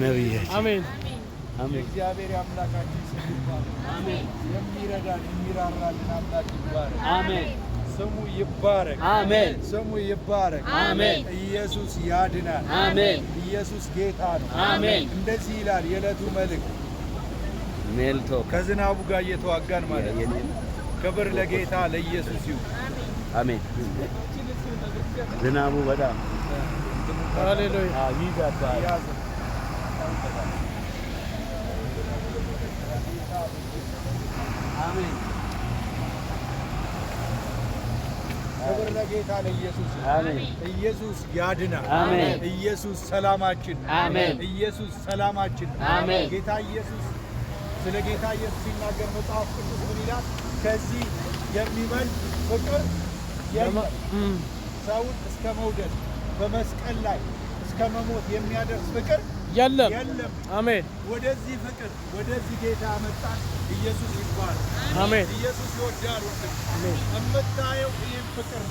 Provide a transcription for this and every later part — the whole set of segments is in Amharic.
ነቢያችን እግዚአብሔር አምላካችን ስም ይባረክ። የሚረዳን የሚራራልን አምላክ ይባረክ። አሜን። ስሙ ይባረክ። አሜን። ስሙ ይባረክ። አሜን። ኢየሱስ ያድናል። አሜን። ኢየሱስ ጌታ ነው። አሜን። እንደዚህ ይላል የዕለቱ መልእክት። ከዝናቡ ጋር እየተዋጋን ማለት ነው። ክብር ለጌታ ለኢየሱስ ይሁን። አሜን። ዝናቡ በጣም ሃሌሉያ ይዛባል። ክብር ለጌታ ለኢየሱስ። ኢየሱስ ያድናል። ኢየሱስ ሰላማችን። ኢየሱስ ሰላማችን። ጌታ ኢየሱስ ስለ ጌታ ኢየሱስ ሲናገር መጽሐፍ ቅዱስ ምን ይላል? ከዚህ የሚበልጥ ፍቅር ሰውን እስከ መውደድ በመስቀል ላይ እስከ መሞት የሚያደርስ ፍቅር የለም አሜን። ወደዚህ ፍቅር ወደዚህ ጌታ አመጣን ኢየሱስ ይባላል። አሜን። ኢየሱስ ይወዳል። የምታየው ይህም ፍቅር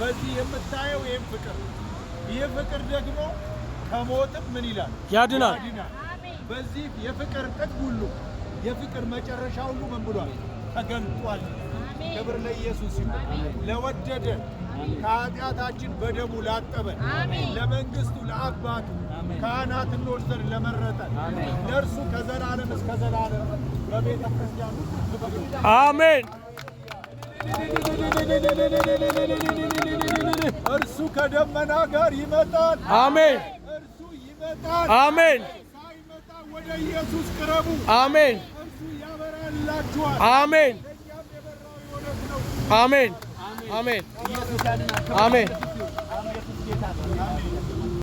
በዚህ የምታየው ይህም ፍቅር ይህ ፍቅር ደግሞ ከሞትም ምን ይላል ያድናል። በዚህ የፍቅር ጥግ ሁሉ የፍቅር መጨረሻ ሁሉ ምን ብሏል? ተገልጧል። ክብር ለኢየሱስ ይሁን። ለወደደ ከኃጢአታችን በደሙ ላጠበ ለመንግስቱ ለአባቱ ካህናት እንሆን ለመረጠ ለመረጠን ለእርሱ ከዘላለም እስከ ዘላለም በቤተ ክርስቲያን አሜን። እርሱ ከደመና ጋር ይመጣል። አሜን። እርሱ ይመጣል። አሜን። ሳይመጣ ወደ ኢየሱስ ቅረቡ። አሜን። እርሱ ያበራላችኋል። አሜን። አሜን አሜን አሜን።